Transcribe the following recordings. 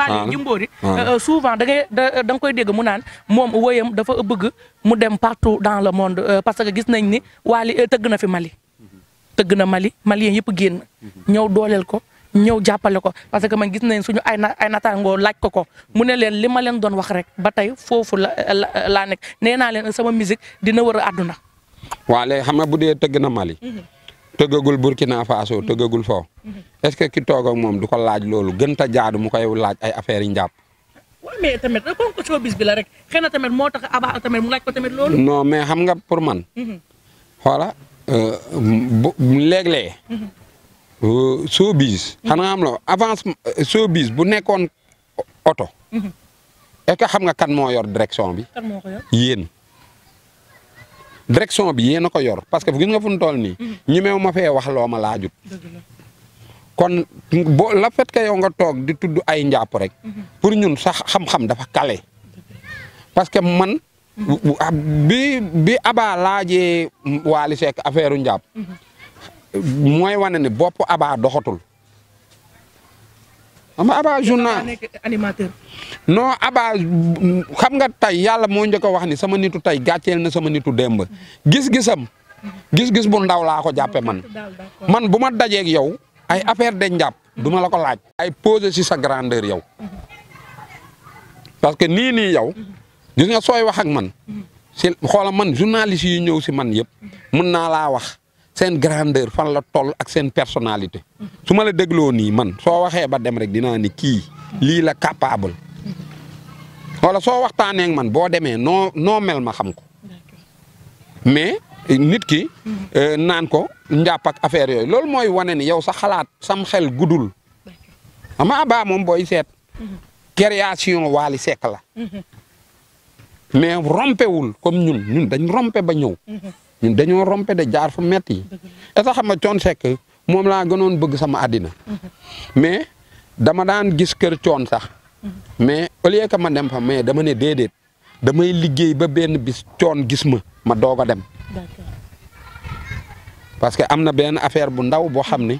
waajur Jimbori euh, euh, souvent da ngay da koy dégg mu naan moom woyam dafa bëgg mu dem partout dans le monde euh, parce que gis nañ ni Wally tëgg na fi Mali tëgg na Mali Malien yëpp génn ñëw dooleel ko ñëw jàppale ko parce que man gis nañ suñu ay na ay nataangoo laaj ko ko mu ne leen li ma leen doon wax rek ba tey foofu la laa nekk nee naa leen sama musique dina war a àdduna waaw léegi xam nga bu dee tëgg na Mali mhm. tëggagul Burkina Faso tëggagul foo mm-hmm. est-ce que ki toog ak moom du ko laaj loolu gën ta jaadu mu koy laaj ay affaires yi njàpp. waaw mais tamit kon bi la rek xëy na tamit tax Aba tamit mu laaj tamit loolu. mais xam nga pour man. xoola mm-hmm. euh, bu léeg-léeg. Mm-hmm. Euh, showbiz. xanaa xam la avance euh, showbiz bu nekkoon oto. est que xam nga kan moo yor direction bi. kan direction bi yéen a ko yor parce que nga fu mu toll nii. Mm-hmm. ñi meew ma fee wax loo ma laajut. kon boo la fait que nga toog di tudd ay njàpp rek. Mm-hmm. pour ñun sax xam-xam dafa kale. parce que man. Mm-hmm. bi bi Aba laajee Waly Seck affaire njàpp. mooy wana ne bopp Aba doxatul. xam nga Aba journal animateur. non Aba xam nga tey yàlla moo njëkk a wax ni sama nitu tey gàcceel na sama nitu demba gis-gisam. gis-gis bu ndaw laa ko jàppe man man bu ma dajeek yow ay affaire de njàpp du ma la ko laaj. ay posé si sa grandeur yow parce que nii nii yow gis nga sooy wax ak man si xoola man journaliste yi ñëw si man yëpp mën naa laa wax seen grandeur fan la toll ak seen personnalité su ma la dégloo nii man soo waxee ba dem rek dinaa ni kii lii la capable wala soo waxtaanee ak man boo demee noo noo mel ma xam ko mais nit ki euh, naan ko njàpp ak affaire yooyu loolu mooy wane ni yow sa xalaat sam xel guddul ama ba moom booy seet création Wally sek la mhm. mais rompewul comme ñun ñun dañ rompe ba ñëw ñun dañoo rompe de jaar fu metti et ça xam ma coon sekk moom laa gënoon bëgg sama àddina mais dama daan gis kër coon sax mais au que ma dem fa mais dama ne déedéet damay liggéey ba benn bis coon gis ma ma doog a dem parce que am na benn affaire bu ndaw boo xam ne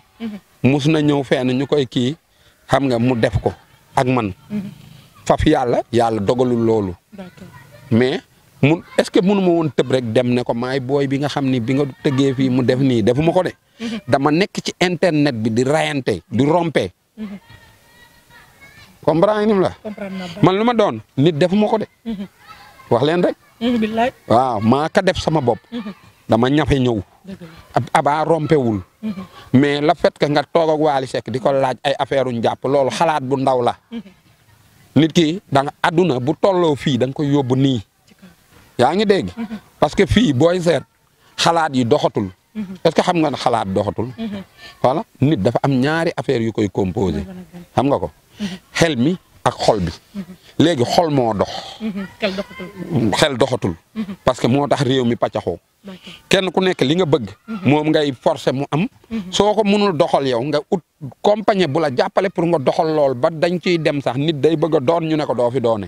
mus na ñëw fenn ñu koy kii xam nga mu def ko ak man mhm. faf yàlla yàlla dogalul loolu mais mun est-ce que mënu woon tëb rek dem ne ko maay booy bi nga xam ni bi nga tëggee fii mu def nii defu ma ko de. Mhm. dama nekk ci internet bi di rayante di rompe. Mhm. comprendre la. man lu ma doon nit defu ma ko de. Mhm. wax leen rek. billaay maa ka def sama bopp. dama ñafe ñëw. abaa rompewul mais la fait que nga toog ak Wally Seck di ko laaj ay affaire u njàpp loolu xalaat bu ndaw la. nit ki da nga àdduna bu tolloo fii da nga koy yóbbu nii. yaa ngi dégg parce que fii booy seet xalaat yi doxatul parce que xam nga ne xalaat doxatul voilà nit dafa am ñaari affaire yu koy composé xam nga ko xel mi ak xol bi léegi xol moo dox xel doxatul parce que moo tax réew mi paccaxoo kenn ku nekk li nga bëgg moom ngay forcer mu am soo ko mënul doxal yow nga ut compagnie bu la jàppale pour nga doxal lool ba dañ ciy dem sax nit day bëgg doon ñu ne ko doo fi doone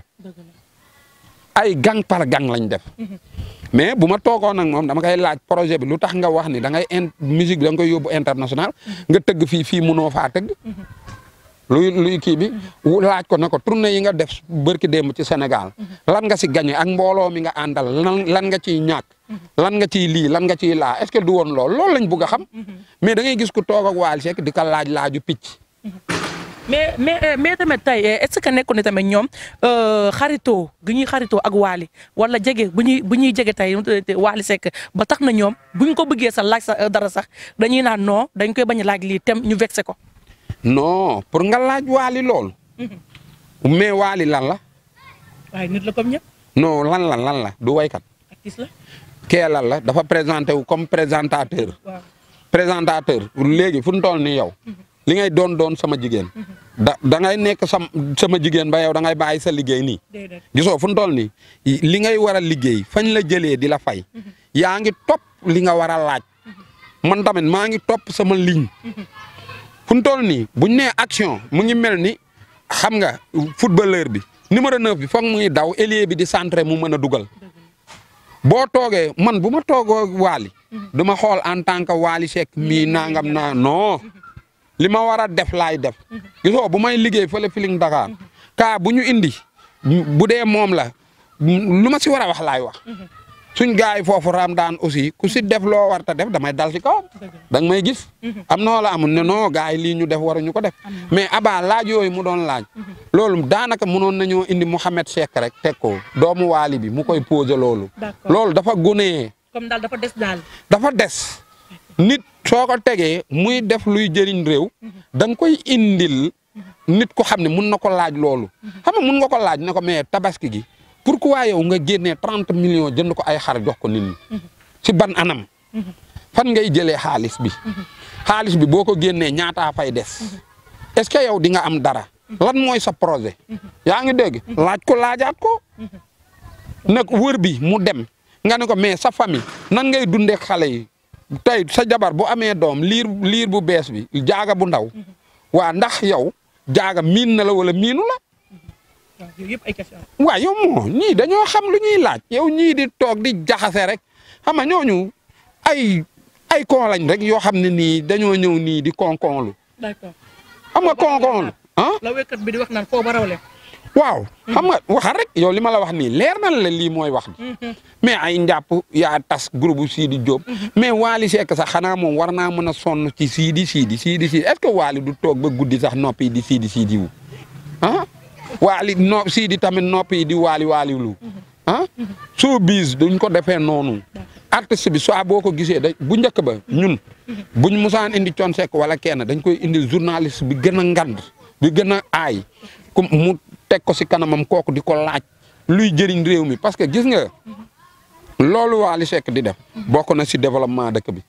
ay gang par gang lañ def. mais bu ma toogoon nag moom dama koy laaj projet bi lu tax nga wax ni da ngay in musique bi da nga koy international nga tëgg fii fii mënoo faa tëgg. luy luy kii bi laaj ko na ko tournée yi nga def bërki démb ci Sénégal lan nga si gagné ak mbooloo mi nga àndal lan lan nga ciy ñàkk lan nga ciy lii lan nga ciy laa est-ce que du woon lool loolu lañ bëgg a xam mais da gis ku toog ak Wally Seck di ko laaj laaju picc mais mais euh, mais tamit tey euh, est-ce que nekku ni tamit ñoom euh, xaritoo gu ñuy xaritoo ak Wally wala jege bu ñuy bu ñuy jege tey Wally Seck ba tax na ñoom bu ñu ko bëggee sax laaj sa dara sax dañuy naan noo dañ koy bañ a laaj lii tem ñu vexé ko. noo pour nga laaj Wally lool. Mhm. mais Wally lan la. waaye nit la comme lan lan la du waykat. artiste la. kee lan la dafa présenté wu comme présentateur. waaw présentateur léegi fu mu toll nii yow. Mhm. li ngay doon doon sama jigéen mm-hmm. da da ngay nekk sam sama jigéen ba yow da ngay bàyyi sa liggéey nii gisoo fu mu toll nii li ngay war liggéey fañ la jëlee di la fay mm-hmm. yaa ngi topp li nga war laaj mm-hmm. man tamit maa ngi topp sama ligne fu toll nii buñ nee action mu ngi mel ni xam nga footballeur bi numéro 9 bi foog mu ngi daw ailier bi di centré mu mën a dugal boo toogee man bu ma toogoo waali dama xool en tant que waali Seck mii nangam naa non li ma a def laay def gisoo bu may liggéey fële Feeling Dakar kaa bu ñu indi bu dee moom la lu ma si war a wax laay wax suñ gars yi foofu raam daan aussi ku si def loo war ta def damay dal si kawam da may gis am noo la amul ne non gars yi lii ñu def waruñu ko def mais abaa laaj yooyu mu doon laaj loolu daanaka mënoon nañoo indi Mouhamed Cheikh rek teg ko doomu waali bi mu koy posé loolu loolu dafa gunee dafa des nit soo ko tegee muy def luy jëriñ réew da nga koy indil nit ko xam ne mun na ko laaj loolu xam mun nga ko laaj ne ko mais tabaski gi pourquoi yow nga génnee trente million jënd ko ay xar jox ko nit ci ban anam fan ngay jëlee xaalis bi xaalis bi boo ko génnee ñaataa fay des est-ce que yow di nga am dara lan mooy sa projet yaa ngi dégg laaj ko laajaat ko nag wër bi mu dem nga ne ko mais sa famille nan ngay dundee xale yi tey sa jabar bu amee doom liir liir bu bees bi jaaga bu ndaw waa ndax yow jaaga miin na la wala miinu la. waaw yow moo ñii dañoo xam lu ñuy laaj yow ñii di toog di jaxase rek xam nga ñooñu ay ay kon lañ rek yoo xam ne nii dañoo ñëw nii di konkonlu. d'accord xam nga konkonlu ah. la wékkat bi di wax naan foo ba waaw xam nga waxal rek yow li ma la wax nii leer na la lii mooy wax ji mais ay njàpp yaa tas groupe Sidi Diop mais Waly Seck sax xanaa moom war naa mën a sonn ci Sidi Sidi Sidi Sidi est-ce que du toog ba guddi sax noppi di Sidi Sidi wu ah Waly no Sidi tamit noppi di Waly Waly lu ah soo biis duñ ko defee noonu artiste bi soit boo ko gisee da bu njëkk ba ñun buñ musaan indi Thione Seck wala kenn dañ koy indi journaliste bi gën a ngand bi gën a aay teg ko si kanamam kooku di ko laaj luy jëriñ réew mi parce que gis nga loolu Wally Seck di def bokk na si développement dëkk bi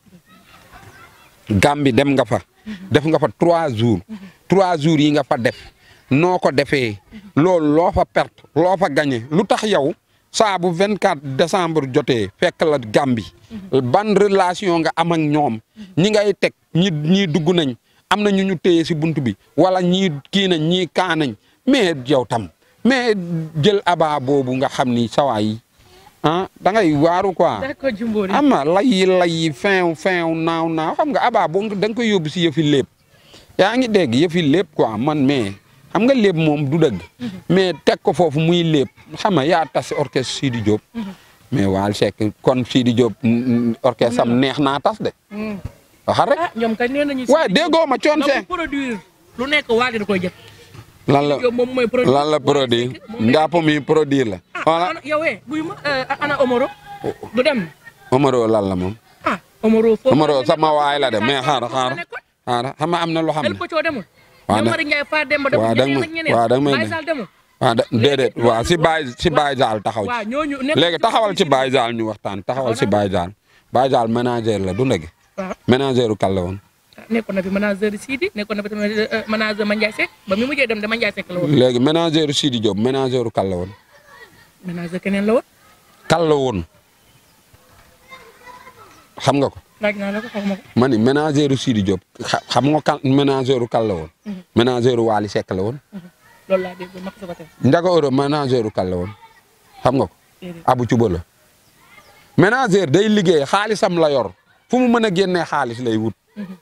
Gàmbi dem nga fa def nga fa trois jours trois jours yi nga fa def noo ko defee loolu loo fa perte loo fa gañe lu tax yow saa bu 24 décembre jotee fekk la Gàmbi ban relation nga am ak ñoom ñi ngay teg ñi ñii dugg nañ am na ñu ñu téye si bunt bi wala ñii kii nañ ñii kaa nañ mais yow mais jël aba boobu nga xam ni sawaay ah da ngay waaru quoi. d'accord Jumbori ama lay lay feew feew naaw naaw xam nga aba boo da nga koy yóbbu si yëfi lépp yaa ngi dégg yëfi lépp ko man mais xam nga lépp moom du dëgg. Mhm. mais teg ko foofu muy lépp xam nga yaa tas orchestre Sidi joob mhm. mais waal Seck kon Sidi Diop mm, mm, orchestre sam mm. neex naa tas de. waxal rek ah ñoom ma coon Seck lu nekk waal dina koy jëf. lan la lan la produit Ndapo mi produit la. Ah, voilà ah, yow eh, eh, lan la moom. ah sama waay la de mais xaar xaar xaar xam am na loo xam ne. waaw da waaw da waaw da may de waaw si Baye si Baye taxaw ci léegi taxawal ci Baye Zal ñu waxtaan taxawal si Baye Zal Baye Zal ménager la du ndege. ménageru kan la nekkoon na fi manager Sidi nekkoon na fi tamit euh, manager Mandiaye Seck ba mi de Mandiaye Seck la woon. léegi manager Sidi Diop manager kan la woon. manager keneen la woon. kan la nga ko. ma ni manager Sidi Diop nga kan manager kan la woon. Mhm. manager Waly Seck la mhm. xam nga ko. Abu Cuba day liggéey xaalisam la yor fu mu mën a génnee xaalis lay wut. Mhm.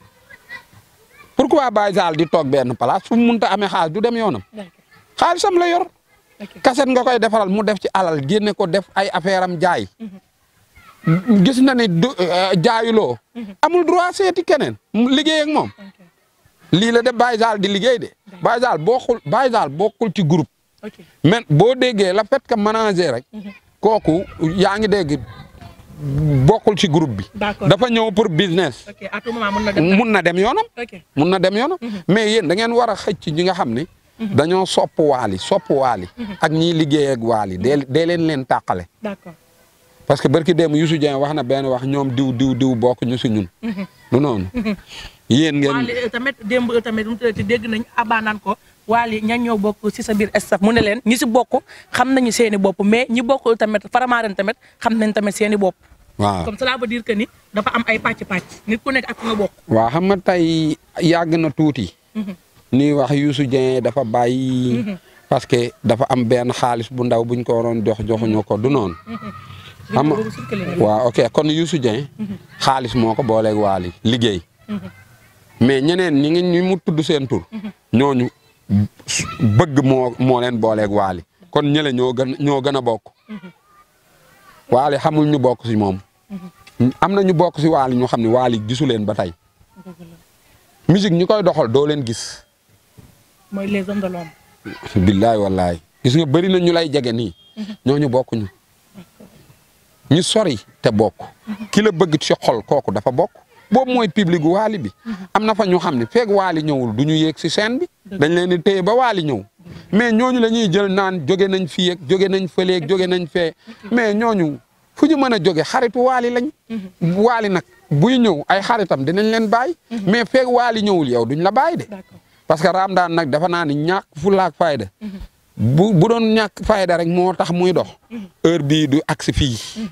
pourquoi Baye Sall di toog benn place fu mu mënta amee xaalis du dem yoonam. xaalisam la yor. kaset nga koy defaral mu def ci alal génne ko def ay affaire am jaay. Mhm. gis na ni du euh, mhm. amul droit seeti keneen mu liggéey moom. lii la de Baye Sall di liggéey de. Baye Sall bokkul Baye Sall bokkul ci groupe. mais boo déggee la fait que manager rek. Mhm. kooku yaa ngi dégg. bokkul ci groupe bi. dafa ñëw pour business. ok à tout moment mun na dem yoonam. mun na dem yoonam. Mhm. mais yéen da ngeen a xëcc ñi nga xam ne. Mhm. dañoo sopp waali sopp waali. Mhm. ak ñiy liggéey ak waali dee dee leen leen tàqale. d'accord parce que barki démb Youssou Dieng wax na benn wax ñoom diw diw bokk ñu si ñun. du noonu. yéen ngeen waali euh, tamit démb euh, tamit euh, dégg nañ abanaan ko. waali ñan ñoo bokk ci sa biir staff mu ne leen ñi ci bokk xam nañu seeni bopp mais ñi bokk tamit faramaaren tamit xam nañ tamit waaw comme cela veut dire que ni dafa am ay pàcc-pàcc nit ku nekk ak xam nga tey yàgg na tuuti. Mhm. ni wax Youssou Dieng dafa bàyyi. Mhm. parce que dafa am benn xaalis bu ndaw buñ ko waroon jox joxuñu ko du noonu. Mhm. xam nga ok kon Youssou Dieng. xaalis moo ko booleeg waali liggéey. mais ñeneen ñi ngi ñi mu tudd seen tur. ñooñu bëgg moo moo leen booleeg waali kon ñële ñoo gën ñoo gën a bokk. waali xamul ñu bokk si moom. am na ñu bokk si waali ñu xam ne waali gisu leen ba tey. musique ñu koy doxal doo leen gis. mooy les wallaay gis nga bëri na ñu lay jege nii. ñoo ñu bokkuñu. ñu sori te bokk. ki la bëgg ci xol kooku dafa bokk. boobu mooy public waali bi. am na fa ñu xam ne feeg waali ñëwul du ñu yéeg si seen bi. dañ leen di téye ba waali ñëw. mais ñooñu la ñuy jël naan jóge nañ fii ak jóge nañ fële ak jóge nañ fee mais ñooñu. fu ñu mën a jóge xaritu waali lañ mhm. waali nag buy ñëw ay xaritam dinañ leen bàyyi mhm. mais feeg waali ñëwul yow duñ la bàyyi de parce que daan nag dafa naa ni ñàkk fulla ak fayda mhm. bu bu doon ñàkk fayda rek moo tax muy dox heure bii du agsi fii